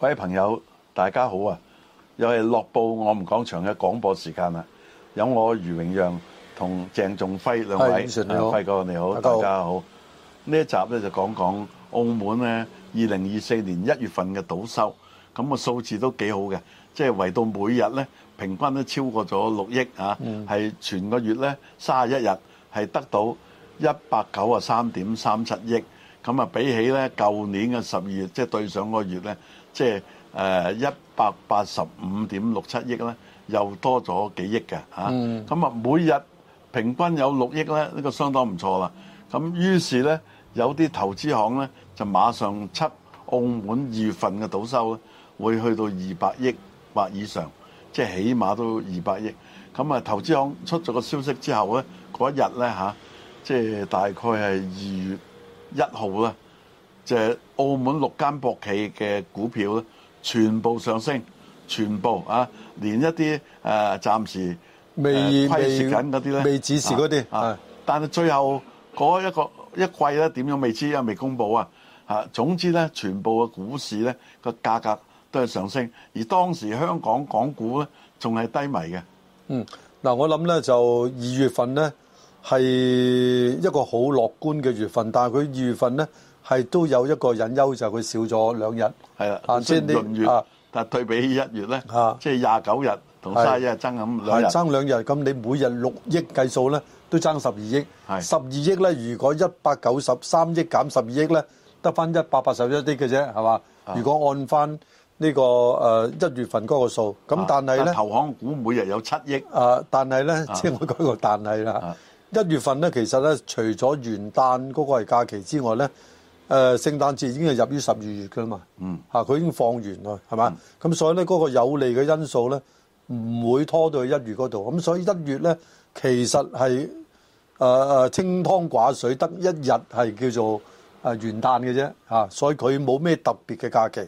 各位朋友，大家好啊！又係《樂報我們講場》嘅廣播時間啊，有我余榮讓同鄭仲輝兩位啊，輝哥你好，你好大家好。呢一集咧就講講澳門咧二零二四年一月份嘅賭收，咁個數字都幾好嘅，即、就、係、是、圍到每日咧平均都超過咗六億啊。係、嗯、全個月咧三十一日係得到一百九啊三點三七億，咁啊比起咧舊年嘅十二月，即、就、係、是、對上個月咧。即係誒一百八十五點六七億啦，又多咗幾億嘅嚇。咁啊，每日平均有六億咧，呢個相當唔錯啦。咁於是咧，有啲投資行咧就馬上出澳門二月份嘅賭收咧，會去到二百億或以上，即係起碼都二百億。咁啊，投資行出咗個消息之後咧，嗰一日咧嚇，即係大概係二月一號啦。就澳門六間博企嘅股票咧，全部上升，全部啊，連一啲誒、啊、暫時未、啊、未虧蝕緊嗰啲咧，未指示嗰啲，啊、是的 但係最後嗰一個一季咧，點樣未知，因為未公布啊。嚇、啊，總之咧，全部嘅股市咧個價格都係上升，而當時香港港股咧仲係低迷嘅、嗯。嗯，嗱，我諗咧就二月份咧係一個好樂觀嘅月份，但係佢二月份咧。係都有一個隱憂就係佢少咗兩日係啦，先月，但對比起一月咧，即係廿九日同卅一日爭咁兩爭兩日，咁你每日六億計數咧，都爭十二億，十二億咧，如果一百九十三億減十二億咧，得翻一百八十一億啲嘅啫，係嘛？如果按翻呢個誒一月份嗰個數，咁但係咧，投行股每日有七億，啊，但係咧，即係我講個但係啦，一月份咧，其實咧，除咗元旦嗰個係假期之外咧。誒聖誕節已經係入於十二月㗎啦嘛，嚇佢已經放完啦，係嘛？咁所以咧，嗰個有利嘅因素咧，唔會拖到去一月嗰度。咁所以一月咧，其實係誒誒清湯寡水得一日係叫做誒元旦嘅啫。嚇，所以佢冇咩特別嘅假期。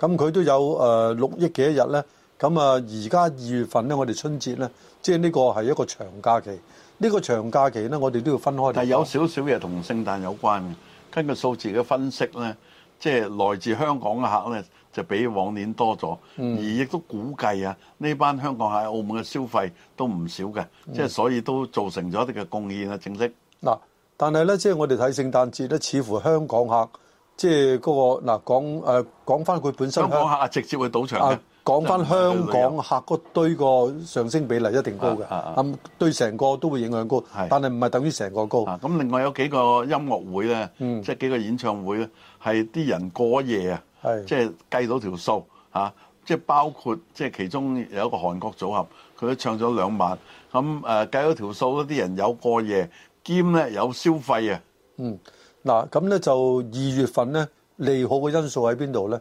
咁佢都有誒六億幾一日咧。咁啊，而家二月份咧，我哋春節咧，即係呢個係一個長假期。呢個長假期咧，我哋都要分開。但係有少少嘢同聖誕有關嘅。根據數字嘅分析咧，即係來自香港嘅客咧，就比往年多咗，嗯、而亦都估計啊，呢班香港客喺澳門嘅消費都唔少嘅，即係、嗯、所以都造成咗一定嘅貢獻啊，正式，嗱，但係咧，即係我哋睇聖誕節咧，似乎香港客即係嗰個嗱，講誒講翻佢本身，香港客直接去賭場嘅。啊。講翻香港客嗰堆個上升比例一定高嘅，咁對成個都會影響高，但係唔係等於成個高。咁另外有幾個音樂會呢，即係幾個演唱會呢，係啲人過夜啊，即係計到條數嚇，即係包括即係其中有一個韓國組合，佢都唱咗兩晚，咁誒計到條數啲人有過夜，兼呢有消費啊。嗯，嗱咁呢就二月份呢，利好嘅因素喺邊度呢？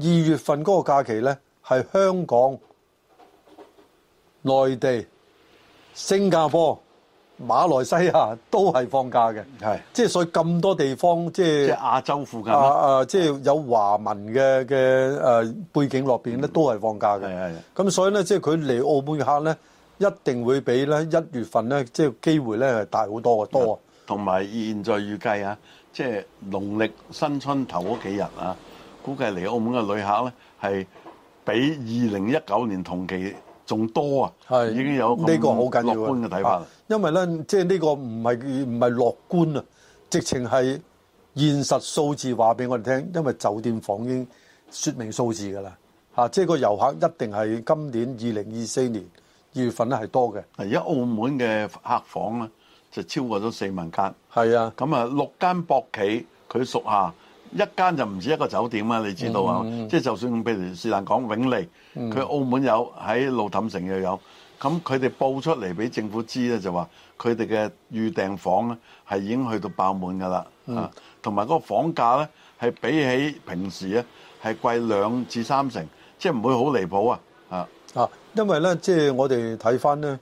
二月份嗰個假期呢。係香港、內地、新加坡、馬來西亞都係放假嘅，係即係所以咁多地方，即係亞洲附近，啊啊，即係有華文嘅嘅誒背景落邊咧，都係放假嘅。係係。咁所以咧，即係佢嚟澳門嘅客咧，一定會比咧一月份咧，即係機會咧係大好多嘅多。同埋現在預計啊，即係農曆新春頭嗰幾日啊，估計嚟澳門嘅旅客咧係。比二零一九年同期仲多啊！係已經有呢個好緊要嘅睇法。因為咧，即係呢個唔係唔係樂觀啊！直情係現實數字話俾我哋聽，因為酒店房已經說明數字㗎啦。嚇，啊，即係個遊客一定係今年二零二四年二月份咧係多嘅。而家澳門嘅客房咧就超過咗四萬間。係啊，咁啊六間博企佢屬下。一間就唔止一個酒店啊！你知道啊，即係、嗯嗯嗯、就算譬如是但講永利，佢、嗯、澳門有，喺路氹城又有，咁佢哋報出嚟俾政府知咧，就話佢哋嘅預訂房咧係已經去到爆滿噶啦，嗯、啊，同埋嗰個房價咧係比起平時咧係貴兩至三成，即係唔會好離譜啊，啊，啊，因為咧即係我哋睇翻咧，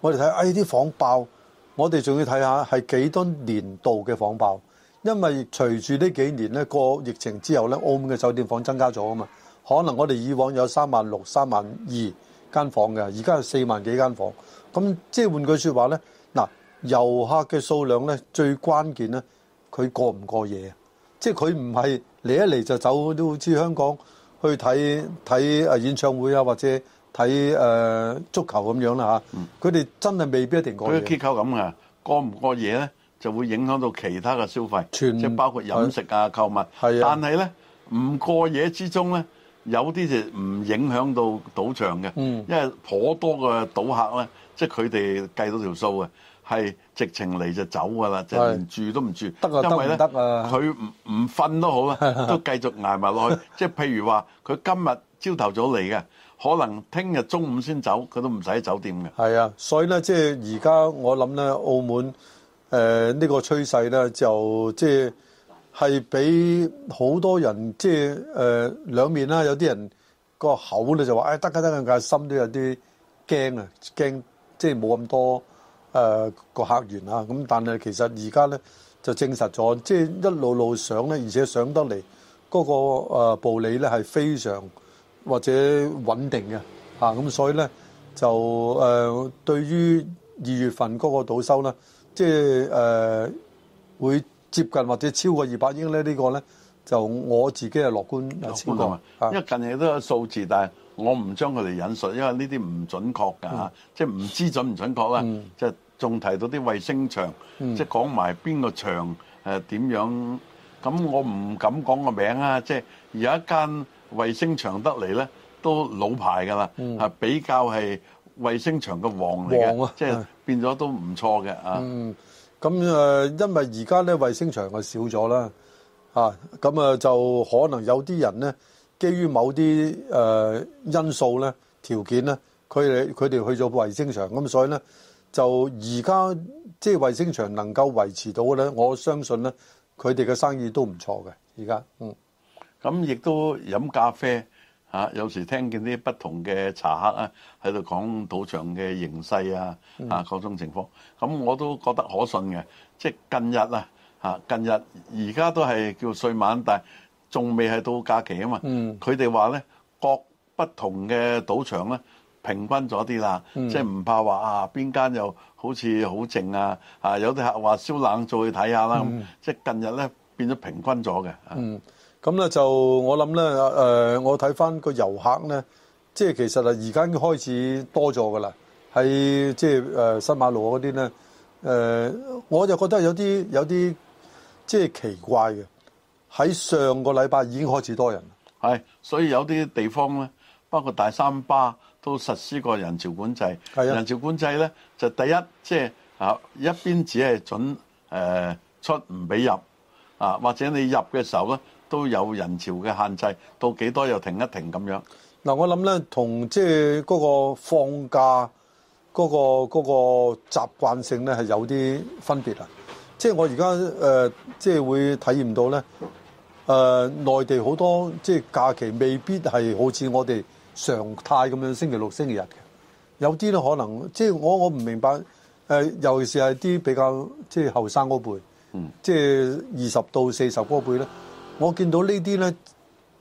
我哋睇呢啲房爆，我哋仲要睇下係幾多年度嘅房爆。因為隨住呢幾年咧，過疫情之後呢，澳門嘅酒店房增加咗啊嘛，可能我哋以往有三萬六、三萬二間房嘅，而家有四萬幾間房。咁即係換句說話呢，嗱遊客嘅數量呢，最關鍵呢，佢過唔過夜？即係佢唔係嚟一嚟就走，都好似香港去睇睇誒演唱會啊，或者睇誒足球咁樣啦嚇。佢哋真係未必一定過夜。佢結構咁啊，過唔過夜呢？就會影響到其他嘅消費，即係包括飲食啊、購物。係啊，但係咧唔過夜之中咧，有啲就唔影響到賭場嘅。嗯，因為頗多嘅賭客咧，即係佢哋計到條數啊，係直情嚟就走㗎啦，就連住都唔住。係啊，因為咧，得啊！佢唔唔瞓都好啦，都繼續挨埋落去。即係譬如話，佢今日朝頭早嚟嘅，可能聽日中午先走，佢都唔使喺酒店嘅。係啊，所以咧，即係而家我諗咧，澳門。誒呢、呃、個趨勢咧，就即係俾好多人即係誒兩面啦、啊。有啲人個口咧就話：誒得得、得心都有啲驚啊，驚即係冇咁多誒、呃、個客源啊。咁但係其實而家咧就證實咗，即係一路路上咧，而且上得嚟嗰個誒暴利咧係非常或者穩定嘅咁、啊、所以咧就誒、呃、對於二月份嗰個賭收咧。即係誒會接近或者超過二百億咧？呢個咧就我自己係樂觀有超過，因為近日都有數字，但係我唔將佢哋引述，因為呢啲唔準確㗎嚇，即係唔知準唔準確啦。即係仲提到啲衞星場，即係講埋邊個場誒點樣？咁我唔敢講個名啊！即係有一間衞星場得嚟咧，都老牌㗎啦，係比較係。衛星場嘅王嚟嘅，即係、啊、變咗都唔錯嘅啊！嗯，咁啊，因為而家咧衛星場啊少咗啦，啊，咁啊就可能有啲人咧，基於某啲誒、呃、因素咧、條件咧，佢哋佢哋去做衛星場，咁所以咧就而家即係衛星場能夠維持到嘅咧，我相信咧佢哋嘅生意都唔錯嘅。而家嗯，咁亦都飲咖啡。嗯嚇！有時聽見啲不同嘅茶客啊，喺度講賭場嘅形勢啊，啊、嗯、各種情況，咁我都覺得可信嘅。即係、就是、近日啊，近日而家都係叫歲晚，但係仲未係到假期啊嘛。佢哋話咧，各不同嘅賭場咧，平均咗啲啦，即係唔、嗯、怕話啊邊間又好似好靜啊，啊有啲客話燒冷再睇下啦。咁即係、嗯、近日咧變咗平均咗嘅。嗯。咁咧就我諗咧，誒、呃、我睇返個遊客咧，即係其實啊，而家開始多咗㗎喇，喺即係、呃、新馬路嗰啲咧，誒、呃、我就覺得有啲有啲即係奇怪嘅，喺上個禮拜已經開始多人，係，所以有啲地方咧，包括大三巴都實施過人潮管制，係嘅，人潮管制咧就第一即係啊一邊只係準誒、呃、出唔俾入，啊或者你入嘅時候咧。都有人潮嘅限制，到幾多又停一停咁樣。嗱，我諗咧，同即係嗰個放假嗰個嗰個習慣性咧係有啲分別啊。即係我而家誒，即係會體驗到咧，誒內地好多即係假期未必係好似我哋常態咁樣星期六、星期日嘅。有啲咧可能即係我我唔明白誒，尤其是係啲比較即係後生嗰輩，即係二十到四十嗰輩咧。我見到呢啲咧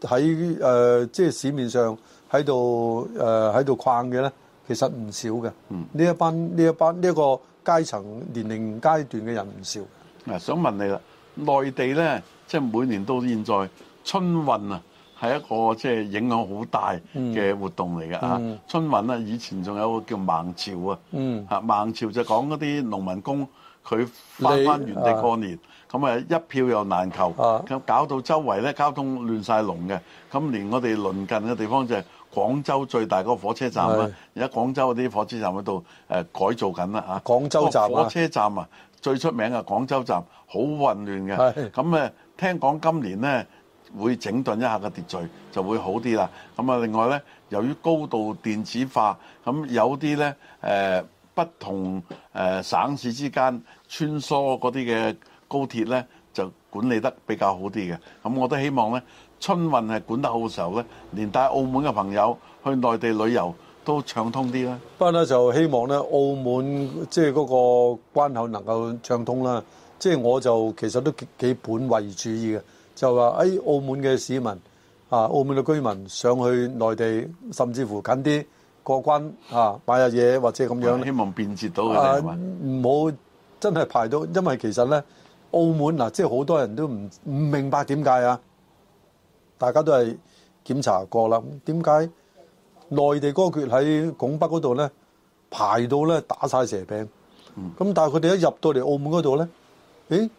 喺誒即係市面上喺度誒喺度逛嘅咧，其實唔少嘅。嗯，呢一班呢一班呢一個階層年齡階段嘅人唔少。嗱，想問你啦，內地咧即係每年到現在春運啊，係一個即係影響好大嘅活動嚟嘅啊。春運咧，以前仲有個叫盲潮啊，嚇盲潮即係講嗰啲農民工佢翻返原地過年。咁啊！一票又難求，咁搞到周圍咧交通亂晒龍嘅。咁、啊、連我哋鄰近嘅地方就係廣州最大嗰個火車站啦。而家是廣州嗰啲火車站喺度誒改造緊啦嚇。廣州站、啊、火車站啊！最出名嘅廣州站好混亂嘅。咁誒是聽講今年呢，會整頓一下嘅秩序就會好啲啦。咁啊，另外呢，由於高度電子化，咁有啲呢誒、呃、不同誒省市之間穿梭嗰啲嘅。高鐵咧就管理得比較好啲嘅，咁我都希望咧春運係管得好嘅時候咧，連帶澳門嘅朋友去內地旅遊都暢通啲啦。不過咧就希望咧澳門即係嗰個關口能夠暢通啦。即係我就其實都幾本位主義嘅，就話欸，澳門嘅市民啊，澳門嘅居民上去內地，甚至乎近啲過關啊買下嘢或者咁樣。希望便捷到佢哋。啊，唔好真係排到，因為其實咧。澳門嗱，即係好多人都唔唔明白點解啊！大家都係檢查過啦，點解內地嗰個羣喺拱北嗰度咧排到咧打曬蛇餅，咁但係佢哋一入到嚟澳門嗰度咧，誒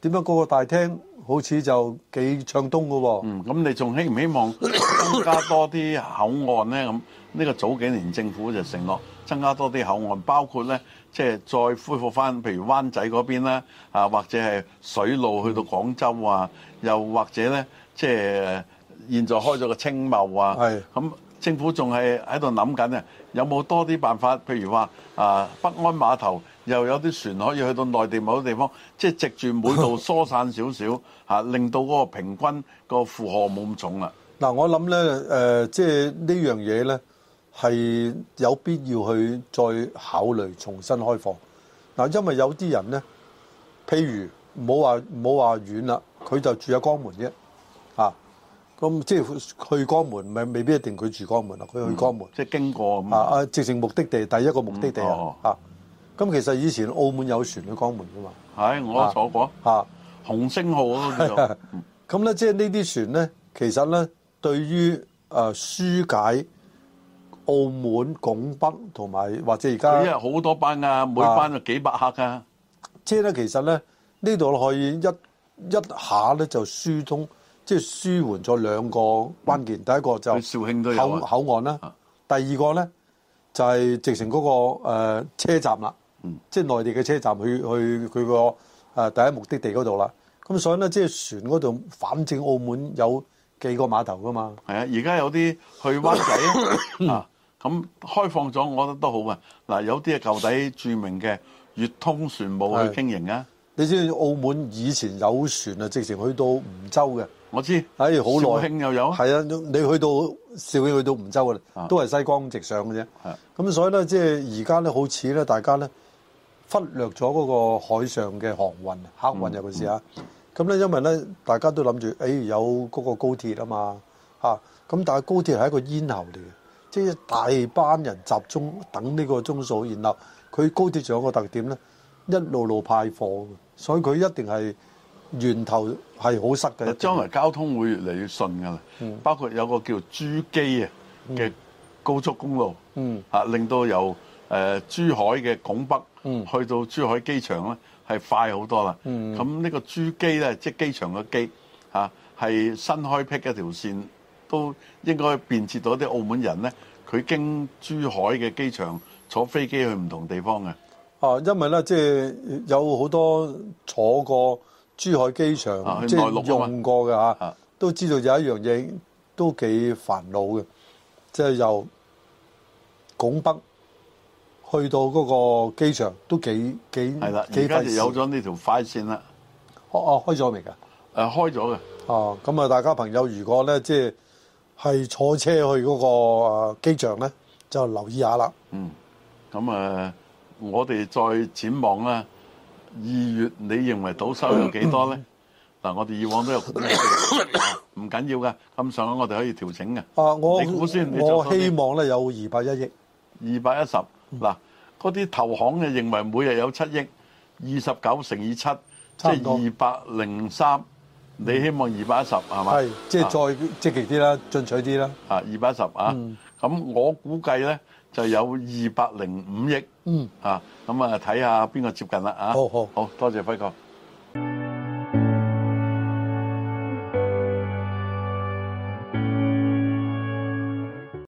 點解嗰個大廳好似就幾暢通嘅喎？嗯，咁你仲希唔希望增加多啲口岸咧？咁呢個早幾年政府就承諾增加多啲口岸，包括咧。即係再恢復翻，譬如灣仔嗰邊啦，啊或者係水路去到廣州啊，又或者呢，即係現在開咗個青茂啊，咁政府仲係喺度諗緊啊，有冇多啲辦法？譬如話啊，北安碼頭又有啲船可以去到內地某啲地方，即係藉住每度疏散少少，嚇令到嗰個平均個負荷冇咁重啦。嗱，我諗呢，誒、呃，即係呢樣嘢呢。係有必要去再考慮重新開放嗱，因為有啲人咧，譬如唔好話唔好話遠啦，佢就住喺江門啫，啊，咁即係去江門，咪未必一定佢住江門咯，佢去江門，嗯、即係經過啊，啊直情目的地，第一個目的地、嗯哦、啊，吓，咁其實以前澳門有船去江門噶嘛，係、哎、我都坐過，吓、啊、紅星號啊，咁咧、 嗯、即係呢啲船咧，其實咧對於誒疏解。澳門拱北同埋或者而家，佢一好多班噶、啊，每班就幾百客噶、啊。即係咧，其實咧，呢度可以一一下咧就疏通，即、就、係、是、舒緩咗兩個關鍵。嗯、第一個就肇慶都有、啊、口口岸啦。啊、第二個咧就係、是、直成直情嗰、那個誒、呃、車站啦，即係、嗯、內地嘅車站去去佢個誒第一目的地嗰度啦。咁所以咧，即、就、係、是、船嗰度，反正澳門有幾個碼頭噶嘛。係啊，而家有啲去灣仔 啊。咁開放咗，我覺得都好啊！嗱，有啲係舊底著名嘅粵通船務去經營啊！你知道澳門以前有船啊，直情去到梧州嘅？我知，哎，好耐。肇慶又有啊？係啊，你去到肇慶去到梧州嘅啦，都係西江直上嘅啫。咁所以咧，即係而家咧，好似咧，大家咧忽略咗嗰個海上嘅航運、客運，有冇事啊？咁、嗯、咧，因為咧，大家都諗住，哎，有嗰個高鐵啊嘛，咁、啊、但係高鐵係一個咽喉嚟嘅。即係大班人集中等呢個鐘數，然後佢高鐵仲有個特點咧，一路路派貨，所以佢一定係源頭係好塞嘅。將來交通會越嚟越順㗎啦，包括有個叫珠機啊嘅高速公路，嗯，嗯，嚇、嗯、令到由誒珠海嘅拱北，嗯，去到珠海機場咧係快好多啦。咁呢個珠機咧，即係機場嘅機，嚇係新開闢一條線。都應該便捷到啲澳門人咧，佢經珠海嘅機場坐飛機去唔同地方嘅。哦，因為咧，即係有好多坐過珠海機場，即係用過嘅嚇，都知道有一樣嘢都幾煩惱嘅，即係由拱北去到嗰個機場都幾幾係啦。而家就有咗呢條快線啦。哦哦、啊，開咗未噶？誒，開咗嘅。哦，咁啊，啊大家朋友如果咧，即係。係坐車去嗰個機場咧，就留意下啦、嗯。嗯，咁、嗯、誒，我哋再展望啦。二月你認為賭收有幾多咧？嗱、嗯，嗯、我哋以往都有唔緊要噶，咁上下我哋可以調 整噶。啊，我你算你做我希望咧有二百一億，二百一十。嗱、嗯，嗰啲、嗯、投行嘅認為每日有七億，二十九乘以七，即係二百零三。你希望二百一十係嘛？係吧，即係再積極啲啦，啊，進取啲啦。啊，二百一十啊，咁我估計呢就有二百零五億。嗯。啊，咁啊，睇下邊個接近啦啊。好好，好，好多謝輝哥。